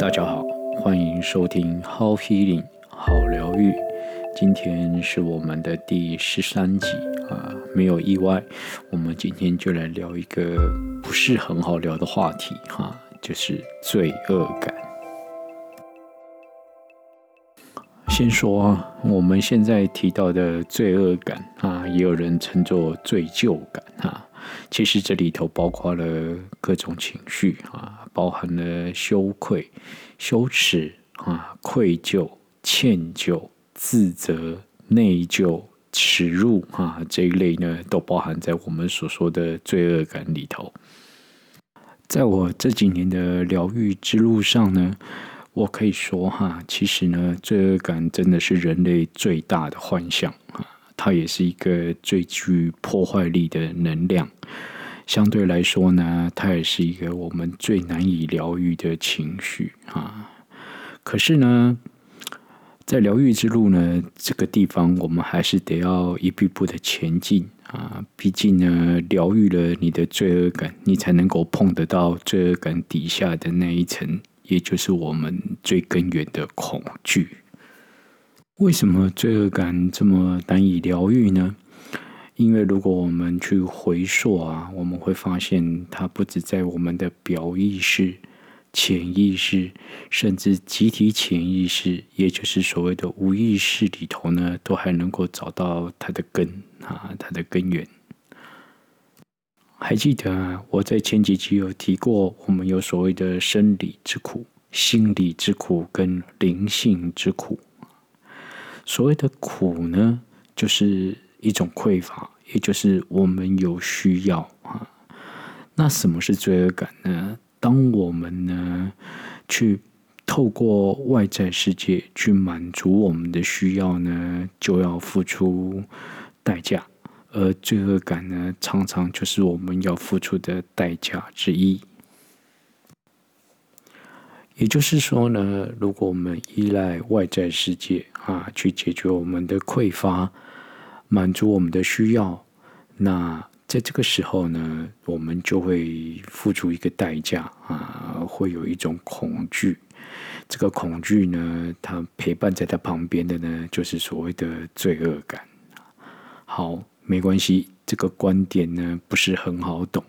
大家好，歡迎收聽《How Healing 好療癒》。今天是我們的第十三集啊，沒有意外，我們今天就來聊一個不是很好聊的話題哈、啊，就是罪惡感。先說我們現在提到的罪惡感啊，也有人稱作罪疚感啊。其實這裡頭包括了各種情緒啊，包含了羞愧、羞恥啊、愧疚、歉疚、自責、內疚、恥辱啊這一類呢，都包含在我們所說的罪惡感裡頭。在我這幾年的療癒之路上呢，我可以說哈、啊，其實呢，罪惡感真的是人類最大的幻想。啊。它也是一個最具破壞力的能量，相對來說呢，它也是一個我們最難以療癒的情緒啊。可是呢，在療癒之路呢，這個地方我們還是得要一步步的前進啊。畢竟呢，療癒了你的罪惡感，你才能夠碰得到罪惡感底下的那一層，也就是我們最根源的恐懼。為什麼罪惡感這麼難以療癒呢？因為如果我們去回溯啊，我們會發現它不止在我們的表意識、潛意識，甚至集體潛意識，也就是所謂的無意識裡頭呢，都還能夠找到它的根啊，它的根源。還記得我在前幾集，集有提過，我們有所謂的生理之苦、心理之苦跟靈性之苦。所謂的苦呢，就是一種匱乏，也就是我們有需要啊。那什麼是罪惡感呢？當我們呢去透過外在世界去滿足我們的需要呢，就要付出代價，而罪惡感呢，常常就是我們要付出的代價之一。也就是說呢，如果我們依賴外在世界，啊，去解決我們的匱乏，滿足我們的需要。那在這個時候呢，我們就會付出一個代價啊，會有一種恐懼。這個恐懼呢，它陪伴在它旁邊的呢，就是所謂的罪惡感。好，沒關係，這個觀點呢，不是很好懂。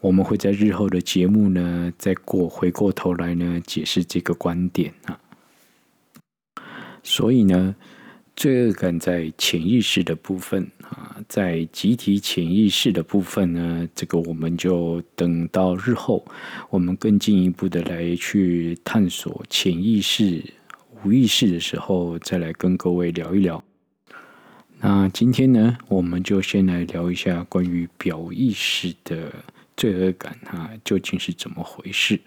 我們會在日後的節目呢，再過回過頭來呢，解釋這個觀點啊。所以呢，罪惡感在潛意識的部分啊，在集體潛意識的部分呢，這個我們就等到日後我們更進一步的來去探索潛意識、無意識的時候，再來跟各位聊一聊。那今天呢，我們就先來聊一下關於表意識的罪惡感啊，究竟是怎麼回事？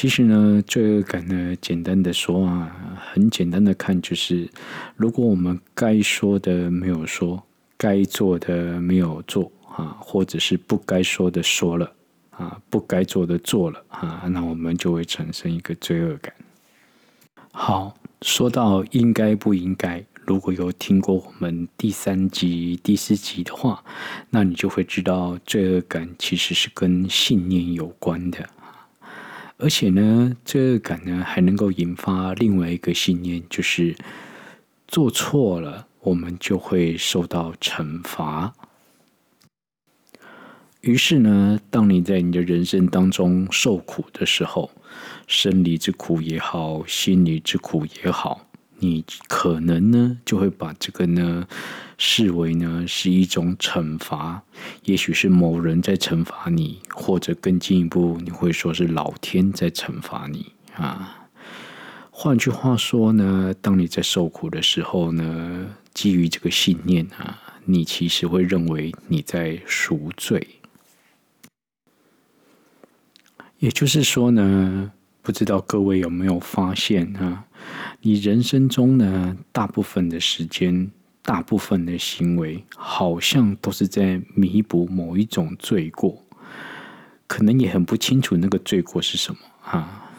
其實呢，罪惡感呢，簡單的說啊，很簡單的看就是，如果我們該說的沒有說，該做的沒有做啊，或者是不該說的說了啊，不該做的做了啊，那我們就會產生一個罪惡感。好，說到應該不應該，如果有聽過我們第三集、第四集的話，那你就會知道罪惡感其實是跟信念有關的。而且呢，罪惡感呢，還能夠引發另外一個信念，就是做錯了，我們就會受到懲罰。於是呢，當你在你的人生當中受苦的時候，生理之苦也好，心理之苦也好。你可能呢，就會把這個呢視為呢是一種懲罰，也許是某人在懲罰你，或者更進一步，你會說是老天在懲罰你啊。換句話說呢，當你在受苦的時候呢，基於這個信念啊，你其實會認為你在贖罪。也就是說呢，不知道各位有沒有發現啊？你人生中呢，大部分的時間，大部分的行為，好像都是在彌補某一種罪過，可能你很不清楚那個罪過是什麼啊。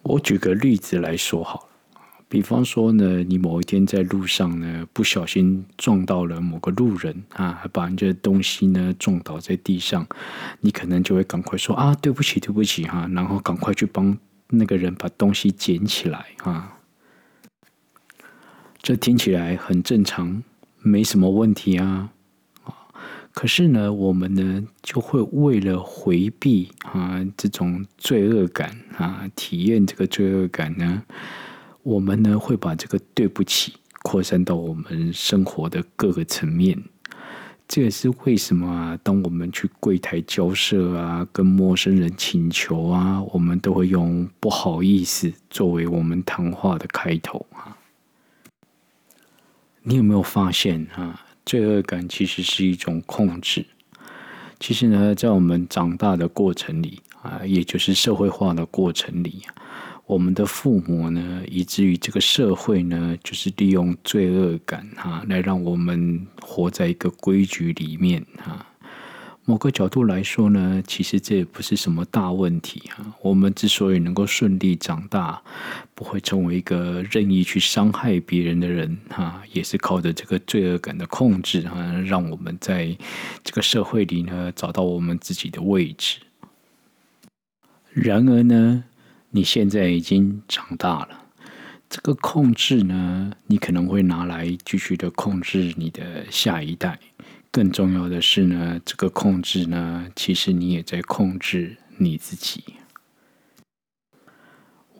我舉個例子來說好了，比方說呢，你某一天在路上呢，不小心撞到了某個路人啊，把人家東西呢撞倒在地上，你可能就會趕快說啊，對不起，對不起哈，然後趕快去幫。那個人把東西撿起來啊，這聽起來很正常，沒什麼問題啊。啊，可是呢，我們呢就會為了回避啊這種罪惡感啊，體驗這個罪惡感呢，我們呢會把這個對不起擴散到我們生活的各個層面。這也是為什麼，當我們去櫃檯交涉啊，跟陌生人請求啊，我們都會用“不好意思”作為我們談話的開頭啊。你有沒有發現啊？罪惡感其實是一種控制。其實呢，在我們長大的過程裡啊，也就是社會化的過程裡。我們的父母呢，以至於這個社會呢，就是利用罪惡感哈，來讓我們活在一個規矩裡面哈。某個角度來說呢，其實這也不是什麼大問題哈。我們之所以能夠順利長大，不會成為一個任意去傷害別人的人哈，也是靠着這個罪惡感的控制哈，讓我們在這個社會裡呢，找到我們自己的位置。然而呢，你現在已經長大了，這個控制呢，你可能會拿來繼續的控制你的下一代。更重要的是呢，這個控制呢，其實你也在控制你自己。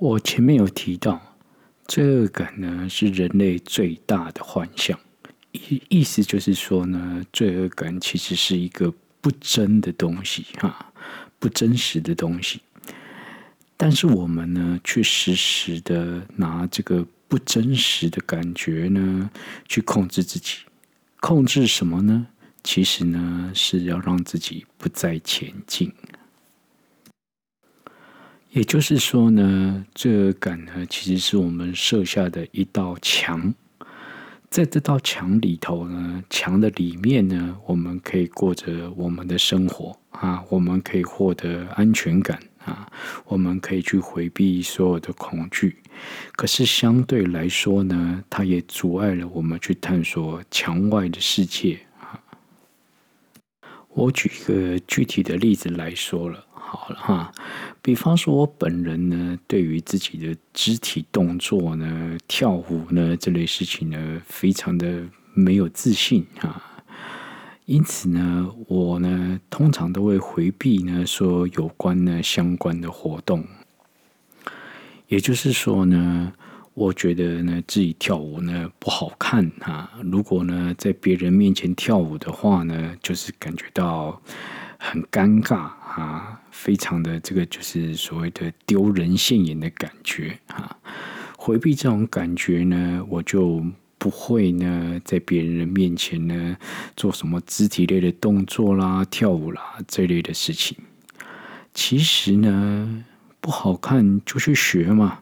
我前面有提到，罪惡感呢，是人類最大的幻象。意意思就是說呢，罪惡感其實是一個不真的東西啊，不真實的東西。但是我們呢，卻時時的拿這個不真實的感覺呢，去控制自己。控制什麼呢？其實呢，是要讓自己不再前進。也就是說呢，罪惡感呢，其實是我們設下的一道牆。在這道牆裡頭呢，牆的裡面呢，我們可以過着我們的生活啊，我們可以獲得安全感。啊，我們可以去回避所有的恐懼，可是相對來說呢，它也阻礙了我們去探索牆外的世界啊。我舉一個具體的例子來說了，好了哈、啊，比方說我本人呢，對於自己的肢體動作呢、跳舞呢這類事情呢，非常的沒有自信啊。因此呢，我呢通常都會回避呢說有關呢相關的活動。也就是說呢，我覺得呢自己跳舞呢不好看啊。如果呢在別人面前跳舞的話呢，就是感覺到很尷尬啊，非常的這個就是所謂的丟人現眼的感覺啊。回避這種感覺呢，我就。不會呢，在別人的面前呢，做什麼肢體類的動作啦、跳舞啦這類的事情，其實呢，不好看就去學嘛，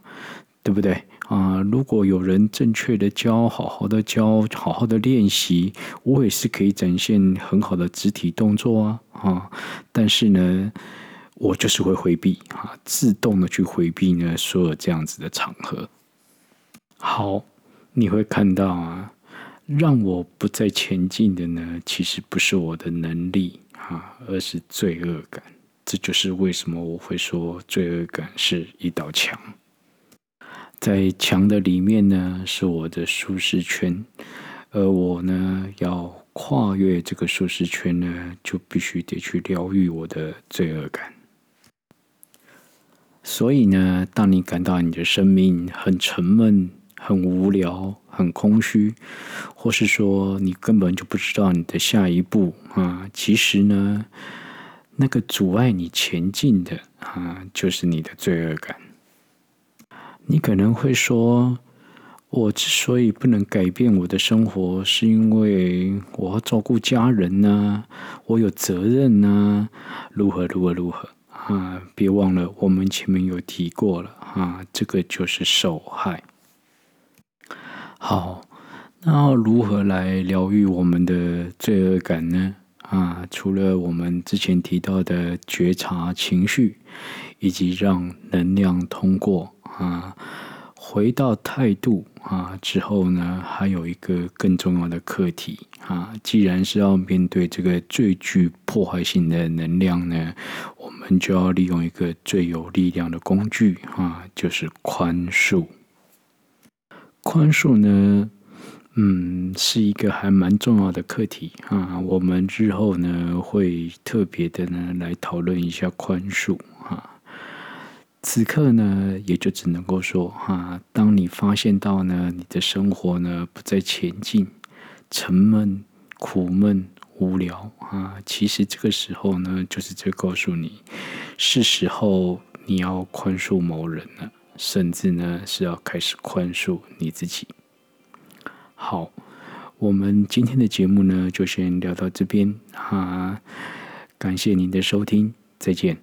對不對啊？如果有人正確的教，好好的教，好好的練習，我也是可以展現很好的肢體動作啊。啊，但是呢，我就是會回避啊，自動的去回避呢所有這樣子的場合。好。你會看到啊，讓我不再前進的呢，其實不是我的能力啊，而是罪惡感。這就是為什麼我會說罪惡感是一道牆，在牆的裡面呢，是我的舒適圈。而我呢，要跨越這個舒適圈呢，就必須得去療癒我的罪惡感。所以呢，當你感到你的生命很沉悶，很無聊，很空虛，或是說你根本就不知道你的下一步啊。其實呢，那個阻礙你前進的啊，就是你的罪惡感。你可能會說，我之所以不能改變我的生活，是因為我要照顧家人吶，我有責任吶，如何如何如何啊！別忘了，我們前面有提過了啊，這個就是受害。好，那如何來療癒我們的罪惡感呢？啊，除了我們之前提到的覺察情緒，以及讓能量通過啊，回到態度啊之後呢，還有一個更重要的課題啊，既然是要面對這個最具破壞性的能量呢，我們就要利用一個最有力量的工具啊，就是寬恕。寬恕呢，嗯，是一個還蠻重要的課題啊。我們日後呢會特別的呢來討論一下寬恕啊。此刻呢也就只能夠說哈，啊，當你發現到呢你的生活呢不再前進、沉悶、苦悶、無聊啊，其實這個時候呢就是在告訴你，是時候你要寬恕某人了。甚至呢，是要開始寬恕你自己。好，我們今天的節目呢，就先聊到這邊哈、啊，感謝您的收聽，再見。